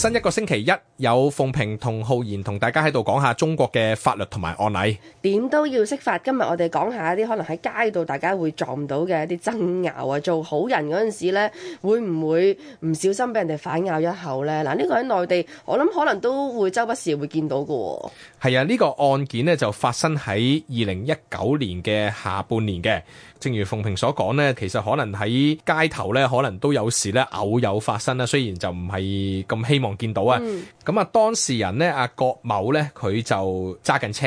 新一個星期一有鳳平同浩然同大家喺度講下中國嘅法律同埋案例，點都要識法。今日我哋講下一啲可能喺街度大家會撞到嘅一啲爭拗啊，做好人嗰陣時咧，會唔會唔小心俾人哋反咬一口咧？嗱，呢個喺內地，我諗可能都會周不時會見到㗎。係啊，呢個案件咧就發生喺二零一九年嘅下半年嘅。正如鳳平所講咧，其實可能喺街頭咧，可能都有時咧偶有發生啦。雖然就唔係咁希望。見到啊，咁啊，當事人呢，阿郭某呢，佢就揸緊車，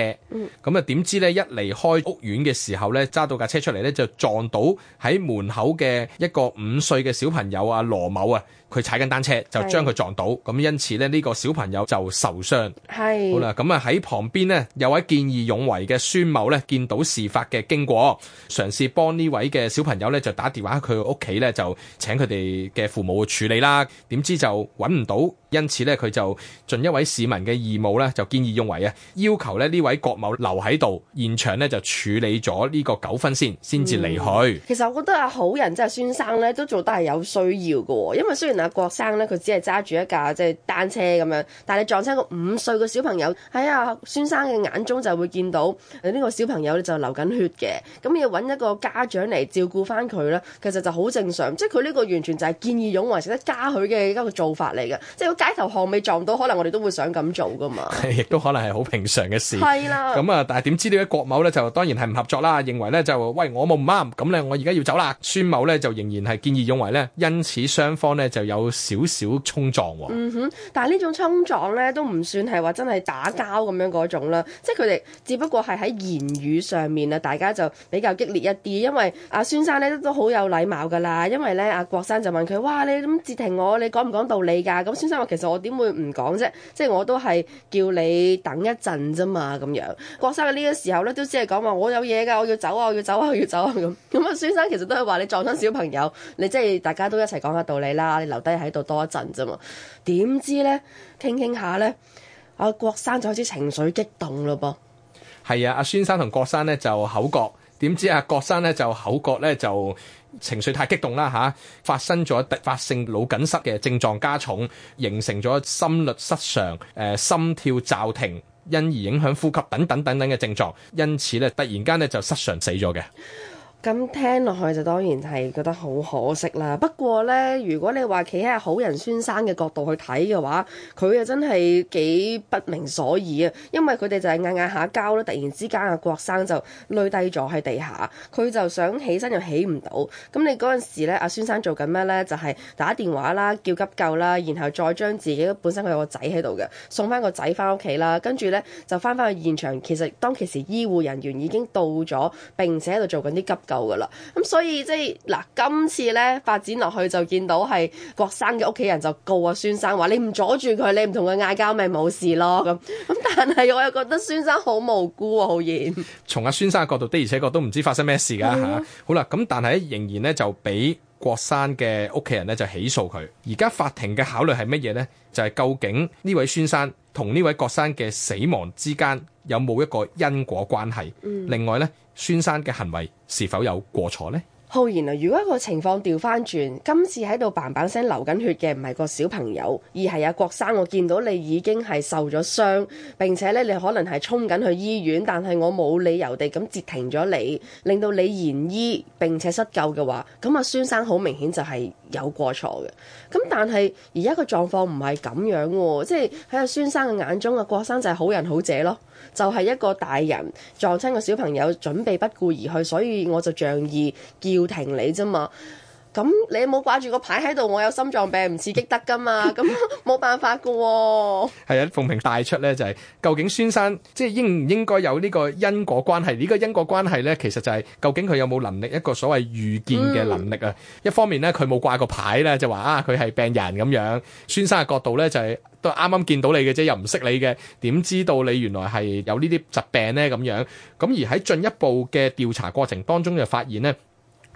咁啊，點知呢？一離開屋苑嘅時候呢，揸到架車出嚟呢，就撞到喺門口嘅一個五歲嘅小朋友啊，羅某啊。佢踩緊單車就將佢撞到，咁是因此呢，呢個小朋友就受傷。係是好啦，咁啊喺旁邊呢，有位見義勇為嘅孫某呢，見到事發嘅經過，嘗試幫呢位嘅小朋友呢，就打電話去佢屋企呢，就請佢哋嘅父母去處理啦。點知就揾唔到，因此呢，佢就盡一位市民嘅義務呢，就見義勇為啊，要求呢呢位郭某留喺度現場呢，就處理咗呢個糾紛先，先至離去、嗯。其實我覺得啊，好人即係孫生呢，都做得係有需要嘅，因為雖然阿郭生咧，佢只係揸住一架即係單車咁樣，但係你撞親個五歲個小朋友，喺阿孫生嘅眼中，就會見到誒呢個小朋友咧就流緊血嘅，咁要搵一個家長嚟照顧翻佢啦，其實就好正常，即係佢呢個完全就係見義勇為，值得嘉許嘅一個做法嚟嘅。即係個街頭巷尾撞到，可能我哋都會想咁做噶嘛，亦都可能係好平常嘅事。係啦，咁啊，但係點知道個郭某呢？郭某咧就當然係唔合作啦，認為咧就，喂我冇唔啱，咁咧我而家要走啦。孫某咧就仍然係見義勇為咧，因此雙方咧就有少少衝撞喎、哦，嗯哼，但係呢種衝撞咧都唔算係話真係打交咁樣嗰種啦，即係佢哋只不過係喺言語上面啊，大家就比較激烈一啲，因為阿、啊、孫生咧都好有禮貌噶啦，因為咧阿國生就問佢，哇你咁截停我，你講唔講道理㗎？咁、嗯、孫生話其實我點會唔講啫，即係我都係叫你等一陣啫嘛咁樣。國生喺呢個時候咧都只係講話我有嘢㗎，我要走啊，我要走啊，我要走啊咁。咁啊、嗯、孫生其實都係話你撞親小朋友，你即係大家都一齊講下道理啦，你留低喺度多一陣啫嘛，點知咧傾傾下咧，阿郭生就開始情緒激動咯噃。係啊，阿孫生同郭生咧就口角，點知阿郭生咧就口角咧就情緒太激動啦吓、啊，發生咗突發性腦梗塞嘅症狀加重，形成咗心律失常、誒、呃、心跳驟停，因而影響呼吸等等等等嘅症狀，因此咧突然間咧就失常死咗嘅。咁聽落去就當然係覺得好可惜啦。不過咧，如果你話企喺好人先生嘅角度去睇嘅話，佢啊真係幾不明所以啊。因為佢哋就係嗌嗌下交啦，突然之間阿國生就累低咗喺地下，佢就想起身又起唔到。咁你嗰陣時咧，阿先生做緊咩咧？就係打電話啦，叫急救啦，然後再將自己本身佢有個仔喺度嘅，送翻個仔翻屋企啦。跟住咧就翻返去現場。其實當其時醫護人員已經到咗，並且喺度做緊啲急救。夠噶啦，咁所以即係嗱，今次咧發展落去就見到係郭生嘅屋企人就告阿孫生話：你唔阻住佢，你唔同佢嗌交，咪冇事咯咁。咁但係我又覺得孫生好無辜，好冤。從阿孫生角度的，而且確都唔知發生咩事噶吓、嗯啊。好啦，咁但係仍然咧就俾郭生嘅屋企人咧就起訴佢。而家法庭嘅考慮係乜嘢咧？就係、是、究竟呢位孫生同呢位郭生嘅死亡之間。有冇一個因果關係？嗯、另外咧，孫生嘅行為是否有過錯咧？浩然啊，如果一個情況調翻轉，今次喺度嘭嘭聲流緊血嘅唔係個小朋友，而係阿郭生。我見到你已經係受咗傷，並且咧你可能係衝緊去醫院，但係我冇理由地咁截停咗你，令到你延醫並且失救嘅話，咁啊孫生好明顯就係有過錯嘅。咁但係而家個狀況唔係咁樣喎，即係喺阿孫生嘅眼中，阿郭生就係好人好者咯，就係、是、一個大人撞親個小朋友，準備不顧而去，所以我就仗義叫。停你啫嘛，咁你冇掛住個牌喺度，我有心臟病唔刺激得噶嘛，咁冇辦法噶。係啊，馮平帶出咧就係究竟孫生即係應唔應該有呢個因果關係？呢個因果關係咧，其實就係究竟佢有冇能力一個所謂預見嘅能力啊？一方面咧，佢冇掛個牌咧，就話啊，佢係病人咁樣。孫生嘅角度咧就係都啱啱見到你嘅啫，又唔識你嘅，點知道你原來係有呢啲疾病咧？咁樣咁而喺進一步嘅調查過程當中，就發現咧。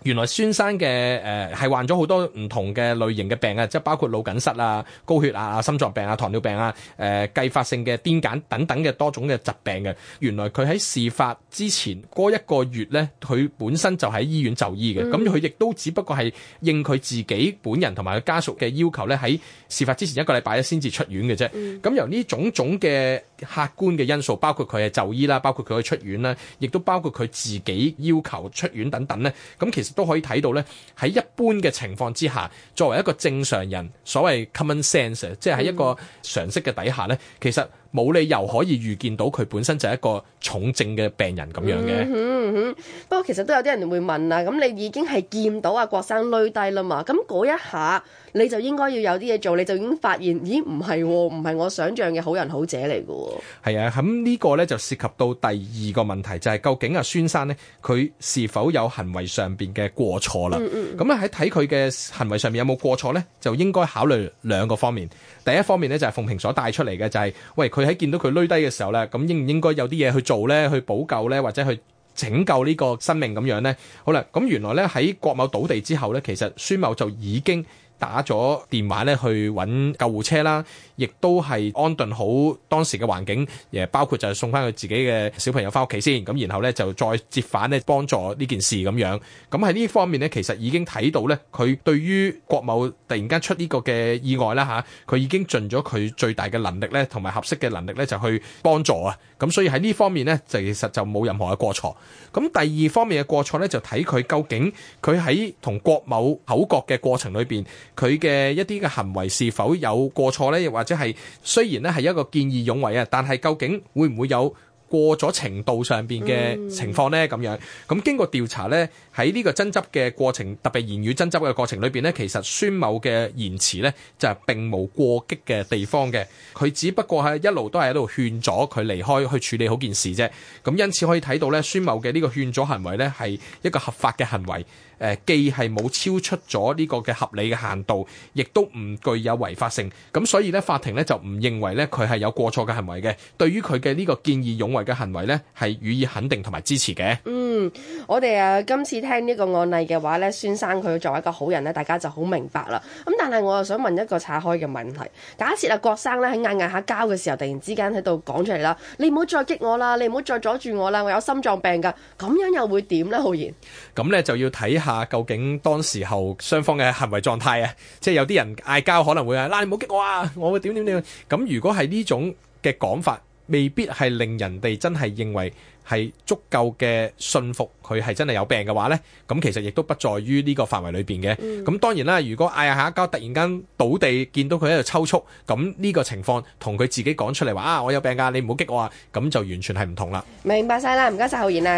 原來孫生嘅誒係患咗好多唔同嘅類型嘅病啊，即係包括腦梗塞啊、高血壓啊、心臟病啊、糖尿病啊、誒繼發性嘅癲癇等等嘅多種嘅疾病嘅啊。原來佢喺事發之前嗰一個月呢，佢本身就喺醫院就醫嘅。咁佢亦都只不過係應佢自己本人同埋佢家屬嘅要求呢，喺事發之前一個禮拜先至出院嘅啫。咁、嗯、由呢種種嘅客觀嘅因素，包括佢係就醫啦，包括佢去出院啦，亦都包括佢自己要求出院等等呢。咁其都可以睇到咧，喺一般嘅情況之下，作為一個正常人，所謂 common sense，即係喺一個常識嘅底下咧，其實，冇理由可以預見到佢本身就係一個重症嘅病人咁樣嘅、嗯嗯。不過其實都有啲人會問啊，咁你已經係見到阿郭生攣低啦嘛？咁嗰一下你就應該要有啲嘢做，你就已經發現咦唔係，唔係、哦、我想象嘅好人好者嚟嘅喎。係啊，咁呢個咧就涉及到第二個問題，就係、是、究竟阿孫生咧，佢是否有行為上邊嘅過錯啦？咁咧喺睇佢嘅行為上面有冇過錯咧，就應該考慮兩個方面。第一方面咧就係鳳萍所帶出嚟嘅就係、是、喂。佢喺見到佢攣低嘅時候咧，咁應唔應該有啲嘢去做咧，去補救咧，或者去拯救呢個生命咁樣咧？好啦，咁原來咧喺郭某倒地之後咧，其實孫某就已經。打咗電話咧去揾救護車啦，亦都係安頓好當時嘅環境，誒包括就係送翻佢自己嘅小朋友翻屋企先，咁然後咧就再折返咧幫助呢件事咁樣。咁喺呢方面咧，其實已經睇到咧，佢對於郭某突然間出呢個嘅意外啦嚇，佢已經盡咗佢最大嘅能力咧，同埋合適嘅能力咧就去幫助啊。咁所以喺呢方面咧就其實就冇任何嘅過錯。咁第二方面嘅過錯咧就睇佢究竟佢喺同郭某口角嘅過程裏面。佢嘅一啲嘅行為是否有過錯咧？又或者係雖然咧係一個見義勇為啊，但係究竟會唔會有？過咗程度上邊嘅情況咧，咁、嗯、樣咁經過調查咧，喺呢個爭執嘅過程，特別言語爭執嘅過程裏邊咧，其實孫某嘅言辭咧就係、是、並無過激嘅地方嘅，佢只不過係一路都係喺度勸阻佢離開去處理好件事啫。咁因此可以睇到咧，孫某嘅呢個勸阻行為咧係一個合法嘅行為，誒既係冇超出咗呢個嘅合理嘅限度，亦都唔具有違法性。咁所以咧，法庭咧就唔認為咧佢係有過錯嘅行為嘅。對於佢嘅呢個見義勇嘅行為咧，係予以肯定同埋支持嘅。嗯，我哋啊，今次聽呢個案例嘅話咧，孫生佢作為一個好人咧，大家就好明白啦。咁、嗯、但係我又想問一個拆開嘅問題：假設啊，郭生咧喺嗌嗌下交嘅時候，突然之間喺度講出嚟啦，你唔好再激我啦，你唔好再阻住我啦，我有心臟病噶，咁樣又會點呢？浩然，咁咧就要睇下究竟當時候雙方嘅行為狀態啊，即係有啲人嗌交可能會啊，嗱，你唔好激我啊，我會點點點。咁如果係呢種嘅講法。未必係令人哋真係認為係足夠嘅信服，佢係真係有病嘅話咧，咁其實亦都不在於呢個範圍裏邊嘅。咁當然啦，如果嗌下一交突然間倒地，見到佢喺度抽搐，咁呢個情況同佢自己講出嚟話啊，我有病㗎，你唔好激我啊，咁就完全係唔同啦。明白晒啦，唔該晒浩然啊。